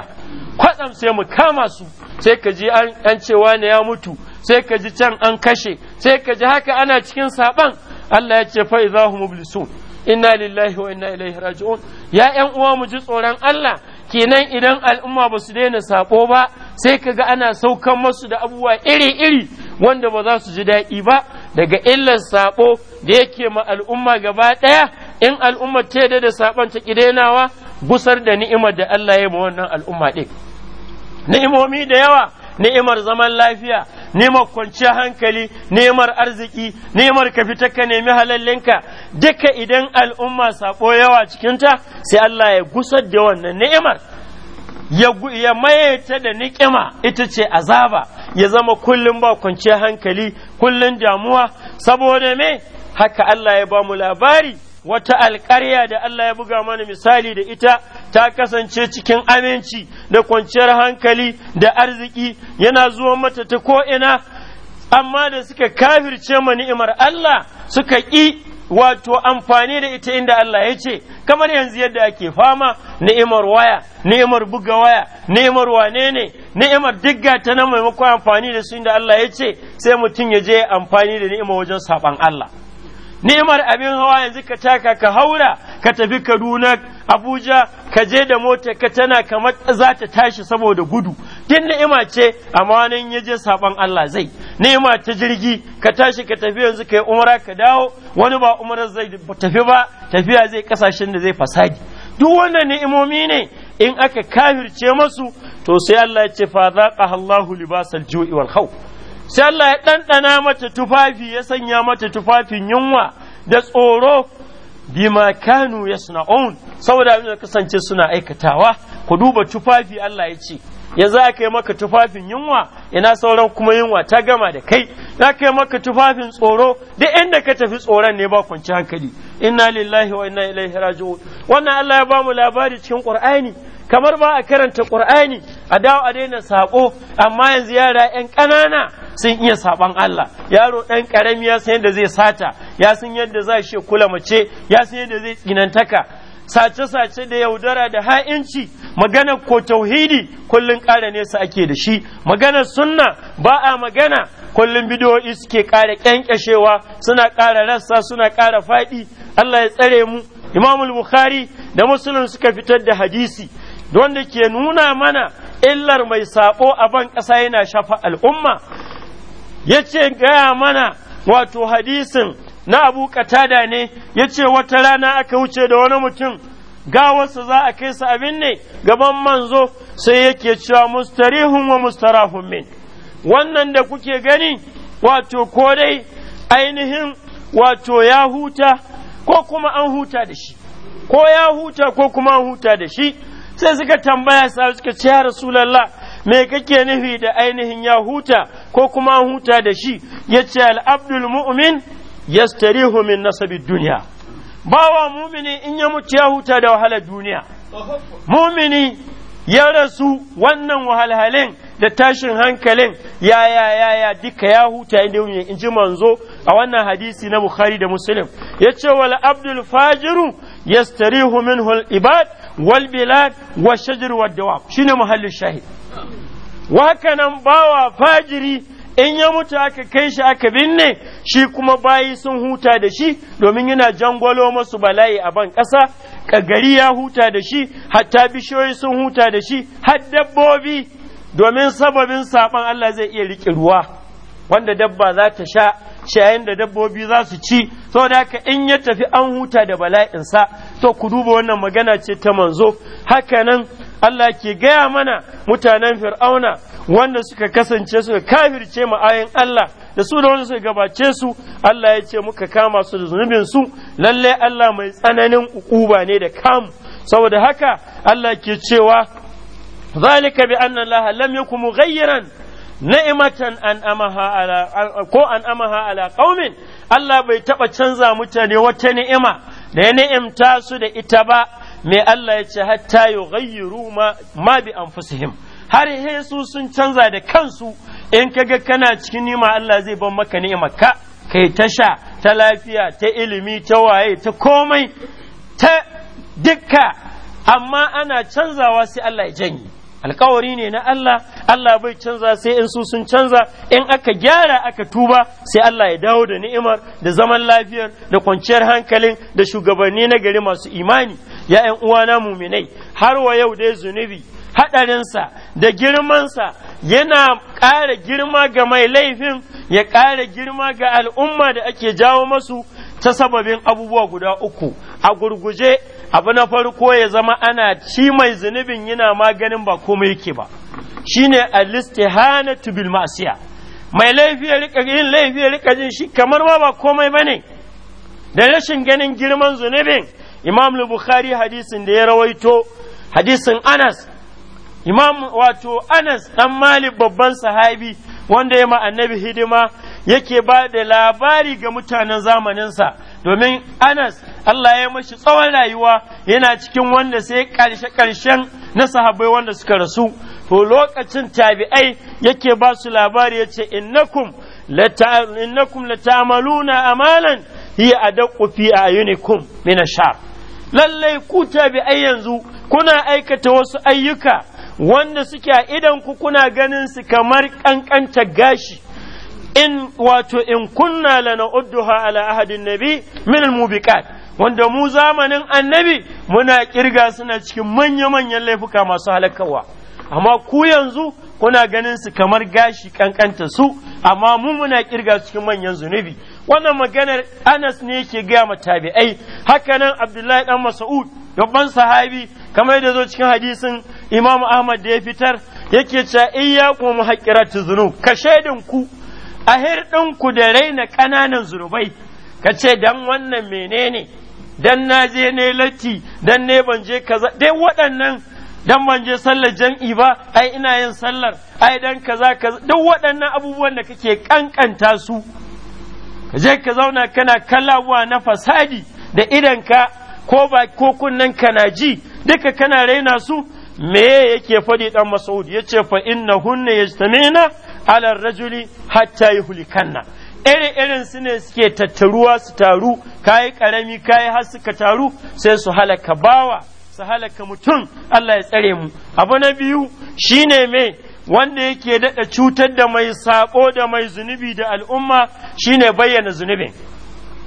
kwatsam sai mu kama su sai ka ji an cewa ne ya mutu sai ka ji can an kashe sai ka ji haka ana cikin saɓan. Allah ya ce fa mublisun inna lillahi wa inna ilaihi raji'un ya ƴan uwa mu ji tsoron Allah kenan idan al'umma ba su daina sako ba sai ka ga ana saukan masu da abubuwa iri-iri wanda ba za su ji daɗi ba daga illar saɓo da yake ma al'umma gaba ɗaya in al'ummar ta da da saɓon ta ƙidenawa gusar da ni'imar da Allah ya yi ma wannan al'umma ɗin ni'imomi da yawa ni'imar zaman lafiya ni'imar kwanciyar hankali ni'imar arziki ni'imar ka fita ka nemi halallinka duka idan al'umma saɓo yawa cikinta sai Allah ya gusar da wannan ni'imar ya maye ta da niƙima ita ce azaba ya zama kullum ba kwanciyar hankali kullum damuwa saboda me haka Allah ya ba mu labari wata alƙarya da Allah ya buga mana misali da ita ta kasance cikin aminci da kwanciyar hankali da arziki yana zuwa mata ta ko'ina amma da suka kafirce ma ni'imar Allah suka ƙi wato amfani da ita inda Allah ya ce kamar yanzu yadda ake fama ni'imar waya ni'imar buga waya ni'imar wane ne ni'imar digga ta na maimakon amfani da su inda Allah ya ce sai mutum ya je amfani da ni'imar wajen saban Allah ni'imar abin hawa yanzu ka taka ka haura ka tafi kaduna abuja ka je da mota ka tana kamar za ta tashi saboda gudu din ni'ima ce amma wani ya je saban Allah zai ni'ima ta jirgi ka tashi ka tafi yanzu ka yi umara ka dawo wani ba umara zai tafi ba tafiya zai kasashen da zai fasadi duk wannan ni'imomi ne in aka kafirce masu to sai Allah ya ce fa zaqaha Allahu libasal ju'i wal khawf sai Allah ya ɗanɗana mata tufafi ya sanya mata tufafin yunwa da tsoro bima kanu yasna'un saboda abin da kasance suna aikatawa ku duba tufafi Allah ya ce Ya za ka yi maka tufafin yunwa ina sauran kuma yunwa ta gama da kai za ka yi maka tufafin tsoro duk inda ka tafi tsoron ne ba kwanci hankali inna lillahi wa inna ilaihi raji'un wannan Allah ya bamu labari cikin Qur'ani kamar ba a karanta Qur'ani a dawo a daina sako amma yanzu yara yan ƙanana sun iya saban Allah yaro ɗan ƙarami ya san yadda zai sata ya san yadda za shi kula mace ya san yadda zai tsinantaka sace-sace da yaudara da ha'inci magana ko tauhidi kullun ƙara nesa ake da shi magana sunna ba a magana kullum bidiyoyi suke ƙara ƙyanƙyashewa suna ƙara rassa suna ƙara faɗi Allah ya tsare mu imamul Bukhari da Muslim suka fitar da hadisi wanda ke nuna mana illar mai saɓo a ban ƙasa yana shafa al'umma yace gaya mana wato hadisin na abu katada ne ya ce wata rana aka wuce da wani mutum gawarsa za a kai su abin ne gaban manzo sai yake cewa mustarihun wa mustarahun min wannan da kuke gani wato ko dai ainihin wato ya huta ko kuma an huta da shi ko ya huta ko kuma an huta da shi sai suka tambaya sa suka ce ya rasulallah me kake nufi da ainihin ya huta ko kuma an huta da shi ya ce abdul mu'min yastarihu min nasabid duniya bawa mumini in ya mutu ya huta da wahalar duniya mumini ya rasu wannan wahalhalin da tashin hankalin ya ya ya ya duka ya huta inda yau in ji manzo a wannan hadisi na bukhari da muslim ya ce wal abdul fajiru yastarihu minhu al ibad wal bilad wa shajr wa dawab shine muhallin shahid wa haka bawa fajiri in ya mutu aka kai shi aka binne shi kuma bayi sun huta da shi domin yana jangwalo masu bala'i a ban ƙasa ka gari ya huta da shi hatta bishiyoyi sun huta da shi har dabbobi domin sababin saɓan Allah zai iya riƙe ruwa wanda dabba za ta sha shayin da dabbobi za su ci saboda haka in ya tafi an huta da bala'insa to ku duba wannan magana ce ta manzo hakanan Allah ke gaya mana mutanen fir'auna wanda suka kasance suka kafirce ma ayin Allah da su da wanda suka gabace su Allah ya ce muka kama su da zunubin su lalle Allah mai tsananin ukuba ne da kam saboda haka Allah ke cewa zalika bi anna Allah lam yakum mughayyiran ni'matan an amaha ala ko an amaha ala qaumin Allah bai taba canza mutane wata ni'ima da ya ni'imta su da ita ba me Allah ya ce hatta yughayyiru ma ma bi anfusihim har hesu sun canza da kansu in kaga kana cikin nima Allah zai ban maka ni'imar ka kai ta sha ta lafiya ta ilimi ta waye ta komai ta dukka amma ana canzawa sai Allah ya janye alkawari ne na Allah Allah bai canza sai in su sun canza in aka gyara aka tuba sai Allah ya dawo da ni'imar da zaman lafiyar da kwanciyar hankalin da shugabanni na gari masu imani ya yan uwana muminai har wa yau dai zunubi haɗarinsa da girmansa yana ƙara girma ga mai laifin ya ƙara girma ga al'umma da ake jawo masu ta sababin abubuwa guda uku a gurguje abu na farko ya zama ana ci mai zunubin yana maganin ba komai yake ba shine liste Hana tubil ma'siya mai laifi ya rika yin laifi ya shi kamar ma ba komai ba ne? da rashin ganin girman zunubin imam al-bukhari hadisin da ya rawaito hadisin anas imam wato anas dan malik babban sahabi wanda ya ma annabi hidima yake ba da labari ga mutanen zamaninsa domin Anas Allah ya mashi tsawon rayuwa yana cikin wanda sai ƙarshe-ƙarshen na sahabbai wanda suka rasu to lokacin tabi'ai yake ba su labari ya ce innakum lata'amaluna amalan hiya adaqqu fi ayunikum min ash lallai ku tabi'ai yanzu kuna aikata wasu ayyuka wanda suke a idan ku kuna ganin su kamar kankanta gashi in wato in kunna lana udduha ala ahadin nabi min almubiqat wanda mu zamanin annabi muna kirga suna cikin manya-manyan laifuka masu halakawa amma ku yanzu kuna ganin su kamar gashi kankanta su amma mu muna kirga cikin manyan zunubi wannan maganar Anas ne yake gaya ma tabi'ai hakanan Abdullahi dan Mas'ud babban sahabi kamar da zo cikin hadisin Imam Ahmad da ya fitar yake cewa iyyakum haqqiratu zunub ka shaidin ku a ku da raina ƙananan zunubai ka ce don wannan menene don na je ne latti don ne ban je kaza dai waɗannan don ban je sallar jam'i ba ai ina yin sallar ai dan kaza kaza duk waɗannan abubuwan da kake ƙanƙanta su ka je ka zauna kana kalawa na fasadi da idan ka ko ba ko kunnen kana ji duka kana raina su me yake faɗi dan Mas'ud yace fa innahunna yajtamina halar rajuli hatta yuhlikanna ire irin su ne suke tattaruwa su taru kayi karami kayi har suka taru sai su halaka bawa su halaka mutum Allah ya tsare mu abu na biyu shine mai wanda yake daɗa cutar da mai sako da mai zunubi da al'umma shine bayyana zunubin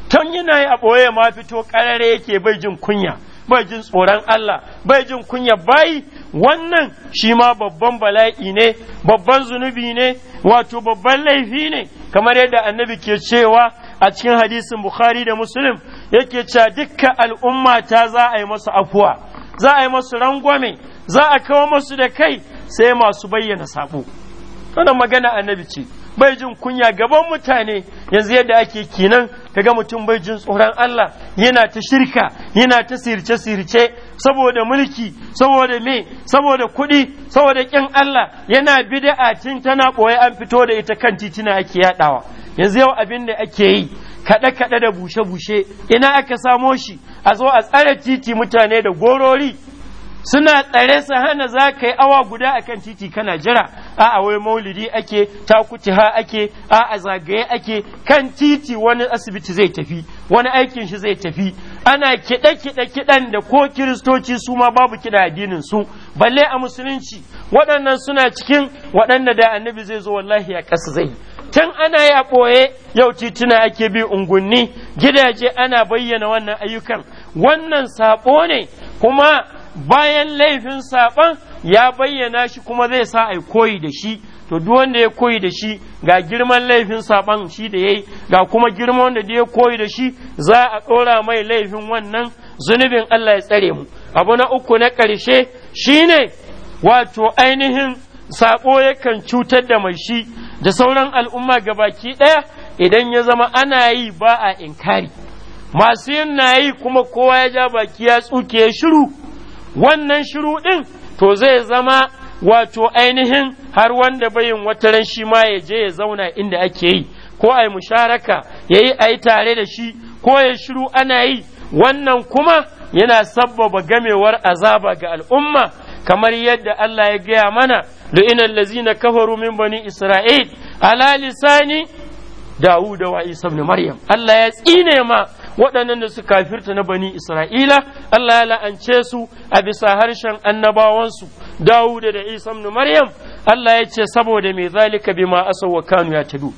tun yana yi a ɓoye ma fito ƙarare yake bai jin kunya bai jin tsoron Allah bai jin kunya bai wannan shi ma babban bala'i ne babban zunubi ne wato babban laifi ne kamar yadda annabi ke cewa a cikin hadisin bukhari da muslim yake cewa dukkan al'umma ta za a yi masu afuwa za a yi masu rangwame za a kawo masu da kai sai masu bayyana sabo wannan magana annabi ce bai jin kunya gaban mutane yanzu yadda ake kinan kaga mutum bai jin tsoron Allah yana ta shirka yana ta sirce sirce saboda mulki saboda me saboda kuɗi saboda kin Allah yana bid'a tin tana koyi an fito da ita kan titina ake yadawa yanzu yau abin da ake yi kaɗe kaɗe da bushe bushe ina aka samo shi a zo a tsare titi mutane da gorori suna tsare su hana za ka yi awa guda a kan titi kana jira a a wai maulidi ake ta ha ake a a zagaye ake kan titi wani asibiti zai tafi wani aikin shi zai tafi ana kiɗe kiɗe kiɗan da ko kiristoci su ma babu kiɗa addinin su balle a musulunci waɗannan suna cikin waɗanda da annabi zai zo wallahi a ƙasa zai tun ana yi a ɓoye yau tituna ake bi ungunni gidaje ana bayyana wannan ayyukan wannan saɓo ne kuma bayan laifin saɓan ya bayyana shi kuma zai sa a koyi da shi to duk wanda ya koyi da shi ga girman laifin saɓan shi da ya yi ga kuma girman da ya koyi da shi za a ɗora mai laifin wannan zunubin Allah ya tsare mu abu na uku na ƙarshe shine wato ainihin saɓo yakan cutar da mai shi da sauran al'umma gabaki ɗaya idan ya zama ana yi ba a inkari masu yin na yi kuma kowa ya ja baki ya tsuke shiru wannan shiru ɗin to zai zama wato ainihin har wanda bayin ran shi ma ya je ya zauna inda ake yi ko a yi musharaka ya yi a yi tare da shi ko ya shiru ana yi wannan kuma yana sabbaba gamewar azaba ga al'umma kamar yadda Allah ya gaya mana lu'inan lazina kafaru min bani isra'il ala lisani Dawud wa Isa ibn Maryam Allah ya tsine ma waɗannan da suka kafirta na bani isra'ila Allah ya la'ance su a bisa harshen annabawansu dawuda da isa ibn maryam Allah ya ce saboda mai zalika bima asaw kanu ya tadu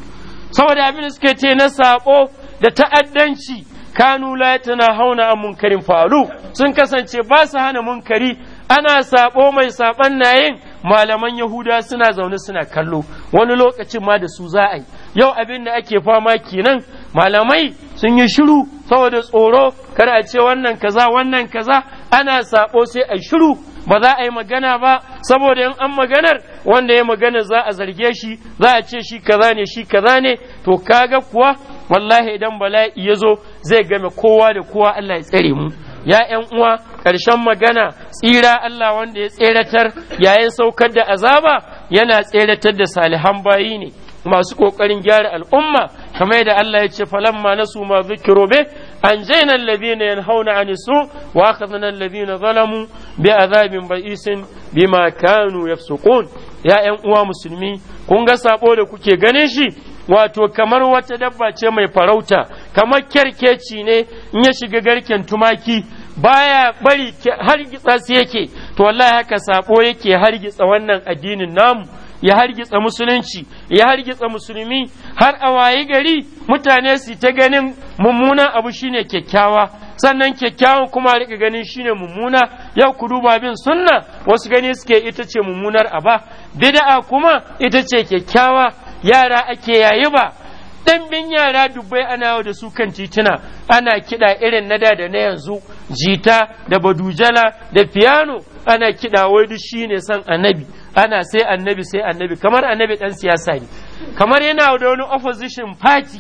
saboda abin da suke ce na saɓo da ta'addanci kanu la hauna an munkarin falu sun kasance ba su hana munkari ana sabo mai saɓan na malaman yahuda suna zaune suna kallo wani lokacin ma da su za a yi yau abin da ake fama kenan malamai sun yi shiru saboda tsoro kada a ce wannan kaza wannan kaza ana sako sai a shiru ba za a yi magana ba saboda in an maganar wanda ya magana za a zarge shi za a ce shi kaza ne shi kaza ne to kaga kuwa wallahi idan bala'i ya zo zai game kowa da kowa Allah ya tsare mu ya ’yan uwa ƙarshen magana tsira Allah wanda ya tseratar yayin saukar da azaba yana tseratar da salihan bayi ne. masu kokarin gyara al'umma kamar da Allah ya ce falamma nasu ma zikiro be an jaina alladhina yanhauna an su wa akhadna alladhina zalamu bi azabin ba'isin bima kanu yafsukun ya 'yan uwa musulmi kun ga sabo da kuke ganin shi wato kamar wata dabba ce mai farauta kamar kerkeci ne in ya shiga garken tumaki baya bari har gitsa yake to wallahi haka sabo yake har gitsa wannan addinin namu ya hargitsa musulunci ya hargitsa musulmi har a wayi gari mutane su ta ganin mummunan abu shine kyakkyawa sannan kyakkyawan kuma rika ganin shine mummuna yau ku duba bin sunna wasu gani suke ita ce mummunar aba bid'a kuma ita ce kyakkyawa yara ake yayi ba ɗanbin yara dubbai ana da su kan titina ana kiɗa irin na da da na yanzu jita da badujala da fiyano ana kiɗa wai duk shine son annabi ana sai annabi sai annabi kamar annabi dan siyasa ne kamar yana da wani opposition party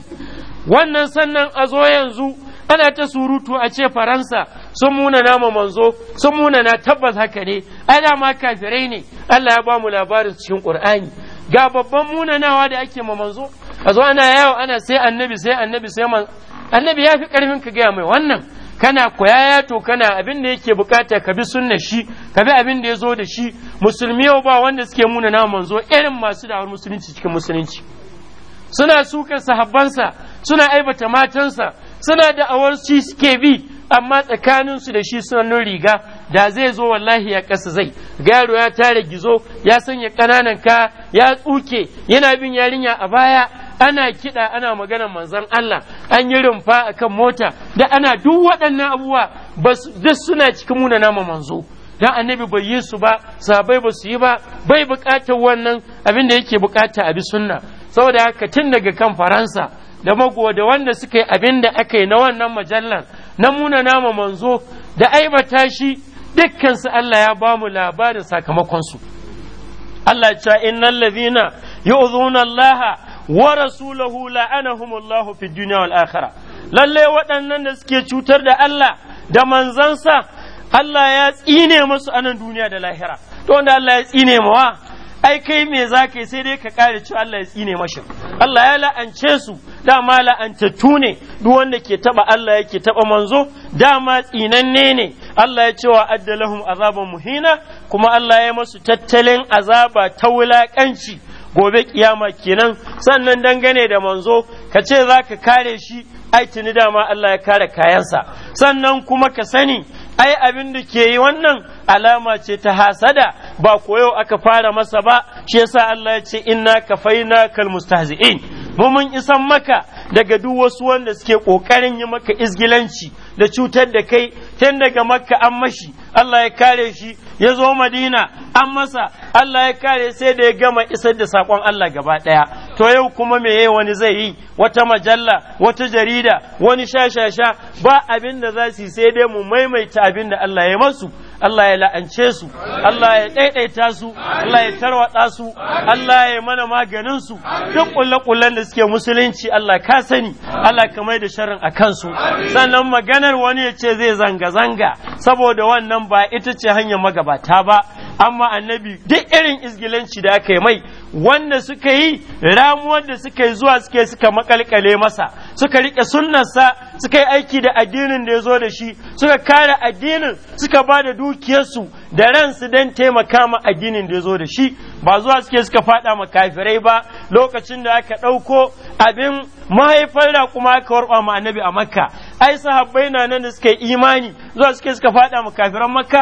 wannan sannan a zo yanzu ana ta surutu a ce faransa sun muna nama manzo sun muna na tabbas haka ne ana ma kafirai ne Allah ya ba mu labarin cikin qur'ani ga babban munanawa da ake ma manzo a zo ana yawo ana sai annabi sai annabi sai annabi ya fi karfin ka gaya mai wannan kana koya to kana abin da yake bukata ka bi sunna shi ka bi abin da ya zo da shi musulmi yau ba wanda suke muna na manzo irin masu da'awar musulunci cikin musulunci suna sukar sahabbansa suna aibata matansa suna da'awar shi suke bi amma tsakaninsu da shi sunan riga da zai zo wallahi ya kasa zai garo ya tare gizo ya sanya ƙananan ka ya tsuke yana bin yarinya a baya ana kiɗa ana maganar manzon Allah an yi rumfa akan mota da ana duk waɗannan abubuwa duk suna cikin muna nama manzo dan annabi bai yi su ba sabai ba su yi ba bai buƙatar wannan abin da yake buƙata a bi sunna saboda haka tun daga kan faransa da da wanda suka yi abin da aka yi na wannan mujallar, na muna nama manzo da aibata shi dukkansu Allah ya ba mu labarin sakamakonsu Allah ya ce innal ladhina yu'dhuna Allah wa rasulahu la'anahumullahu fi dunya wal akhirah lalle waɗannan da suke cutar da Allah da manzansa Allah ya tsine musu a nan duniya da lahira to wanda Allah ya tsine mawa ai kai me za sai dai ka kare cewa Allah ya tsine mashi Allah ya la'ance su dama la'antattu ne duk wanda ke taba Allah yake taba manzo dama tsinanne ne Allah ya ce wa addalahum azaban muhina kuma Allah ya masu tattalin azaba ta wulakanci gobe kiyama kenan sannan dangane da manzo ka ce za ka kare shi ai tuni dama Allah ya kare kayansa sannan kuma ka sani ai abin da ke yi wannan alama ce ta hasada ba koyo aka fara masa ba shi yasa Allah ya ce inna kafaina kal mustahzi'in ba mun isan maka daga duk wasu wanda suke ƙoƙarin yi maka izgilanci da cutar da kai tun daga makka an mashi Allah ya kare shi ya zo madina an masa Allah ya kare sai da ya gama isar da saƙon Allah gaba ɗaya to yau kuma me yayi wani zai yi wata majalla wata jarida wani shashasha ba abin da za su yi sai dai mu maimaita abin da Allah ya masu Allah ya la'ance su Allah ya ɗaiɗaita su Allah ya tarwaɗa su Allah ya mana maganin su duk ƙulle-ƙullen da suke musulunci Allah ka sani Allah ka mai da sharin a kansu sannan maganar wani ya ce zai zanga-zanga saboda wannan ba ita ce hanyar magabata ba amma annabi duk irin izgilanci da aka yi mai wanda suka yi ramuwar da suka yi zuwa suke suka makalkale masa suka rike sunnarsa suka yi aiki da addinin da ya zo da shi suka kare addinin suka ba da dukiyarsu da ransu don taimaka ma addinin da ya zo da shi ba zuwa suke suka fada ma kafirai ba lokacin da aka ɗauko abin mahaifar da kuma aka warba ma annabi a makka ai sahabbai na nan da suka yi imani zuwa suke suka fada ma kafiran makka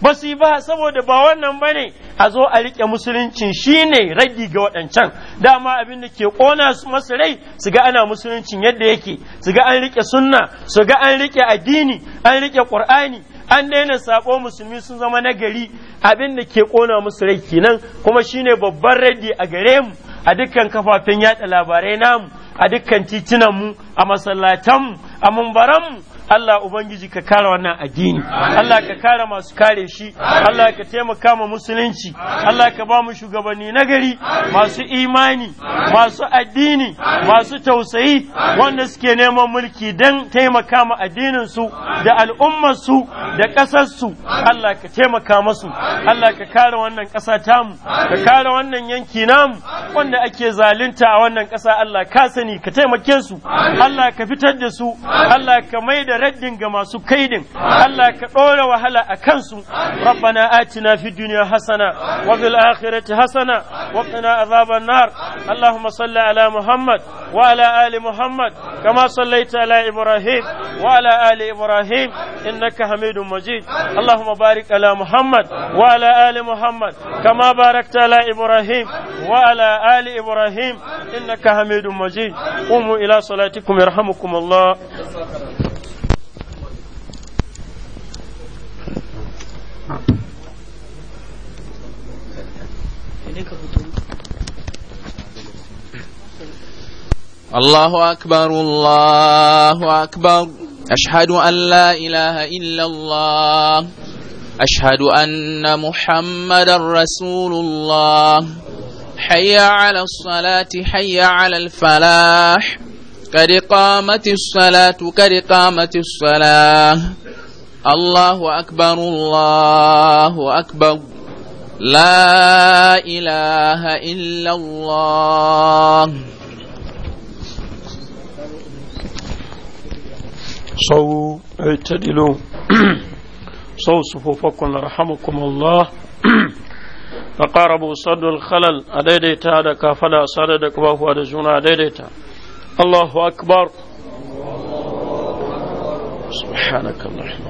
ba su yi ba saboda ba wannan ba ne a zo a riƙe musuluncin shi ne ragi ga waɗancan dama abin da ke ƙona su masu rai su ga ana musuluncin yadda yake su ga an riƙe sunna su ga an riƙe addini an riƙe ƙur'ani an daina sabo musulmi sun zama nagari abin da ke ƙona musu rai kenan kuma shine babban raddi a gare mu a dukkan kafafen yaɗa labarai namu a dukkan titunan mu a masallatanmu a mambaran mu Allah Ubangiji ka kare wannan addini Allah ka kare masu kare shi Allah ka taimaka ma musulunci Allah ka ba mu shugabanni nagari, masu imani masu addini masu tausayi wanda suke neman mulki don taimaka ma addinin su da al'ummar da ƙasarsu. su Allah ka taimaka masu Allah ka kare wannan ƙasa tamu ka kare wannan yanki namu wanda ake zalunta a wannan ƙasa Allah ka sani ka taimake su Allah ka fitar da su Allah ka mai da raddin ga masu kaidin Allah ka ɗora wahala a kansu rabbana atina fi duniya hasana wa fil akhirati hasana wa qina azaban nar allahumma salli ala muhammad wa ala ali muhammad kama sallaita ala ibrahim wa ala ali ibrahim innaka hamidum majid allahumma barik ala muhammad wa ala ali muhammad kama barakta ala ibrahim wa ala ali ibrahim innaka hamidum majid قوموا إلى صلاتكم يرحمكم الله الله أكبر الله أكبر أشهد أن لا إله إلا الله أشهد أن محمدا رسول الله حي على الصلاة حي على الفلاح قد قامت الصلاة قد قامت الصلاة الله أكبر الله أكبر لا إله إلا الله صووا اعتدلوا صووا صفوفكم رحمكم الله فقاربوا صد الخلل أديديتا دكا فلا صددك وهو دجون أديديتا الله أكبر سبحانك اللهم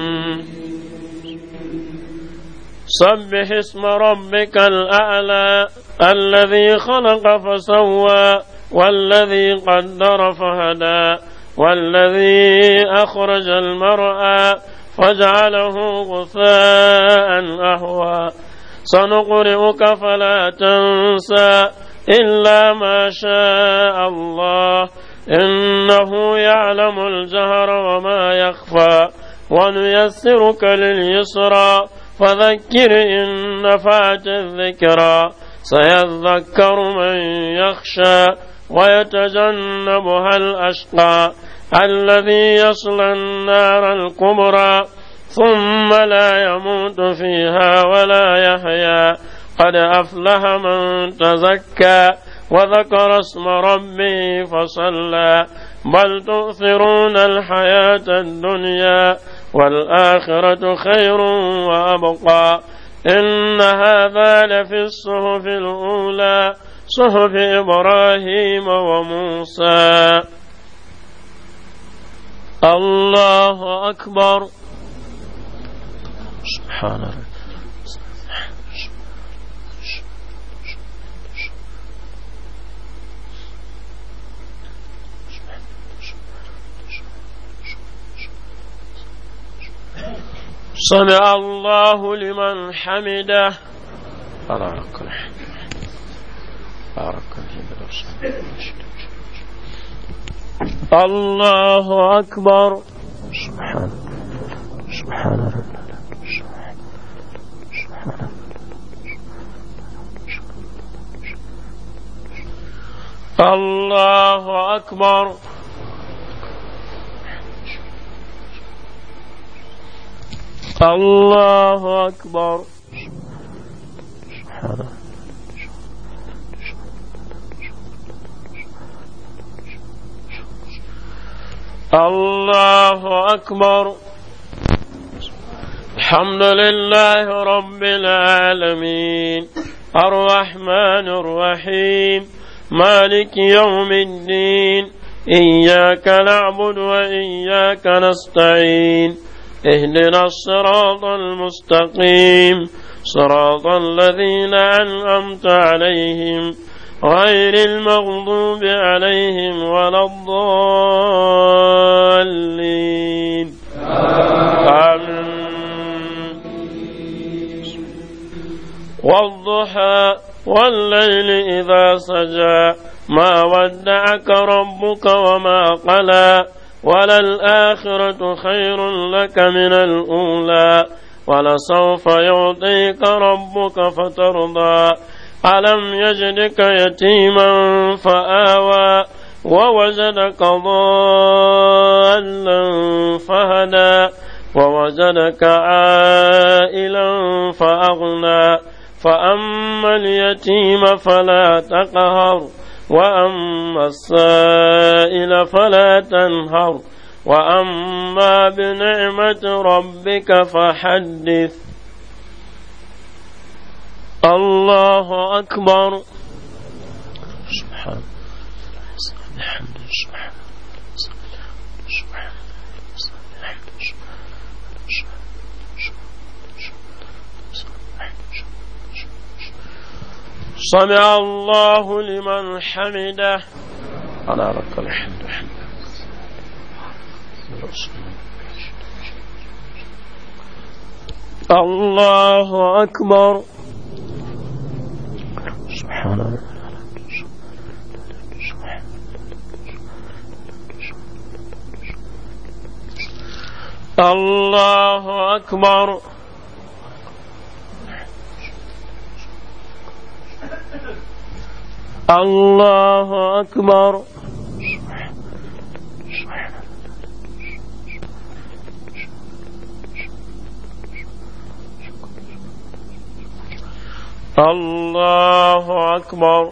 سبح اسم ربك الأعلى الذي خلق فسوى والذي قدر فهدى والذي أخرج المرعى فجعله غثاء أهوى سنقرئك فلا تنسى إلا ما شاء الله إنه يعلم الجهر وما يخفى ونيسرك لليسرى فذكر إن نفعت الذكرى سيذكر من يخشى ويتجنبها الأشقى الذي يصلى النار الكبرى ثم لا يموت فيها ولا يحيا قد أفلح من تزكى وذكر اسم ربه فصلى بل تؤثرون الحياة الدنيا والآخرة خير وأبقى إن هذا لفي الصحف الأولى صحف إبراهيم وموسى الله أكبر سبحان ربي سمع الله لمن حمده بارك بارك الله أكبر سبحان سبحان الله الله أكبر الله أكبر سبحان الله الله أكبر الحمد لله رب العالمين الرحمن الرحيم مالك يوم الدين إياك نعبد وإياك نستعين اهدنا الصراط المستقيم صراط الذين أنعمت عليهم غير المغضوب عليهم ولا الضالين آمين والضحى والليل إذا سجى ما ودعك ربك وما قلى وللآخرة خير لك من الأولى ولسوف يعطيك ربك فترضى ألم يجدك يتيما فآوى ووجدك ضالا فهدى ووجدك عائلا فأغنى فأما اليتيم فلا تقهر وأما السائل فلا تنهر وأما بنعمة ربك فحدث الله أكبر سبحان الحمد سبحان سمع الله لمن حمده أنا لك الحمد حمدا الله أكبر سبحان الله الله أكبر الله أكبر الله أكبر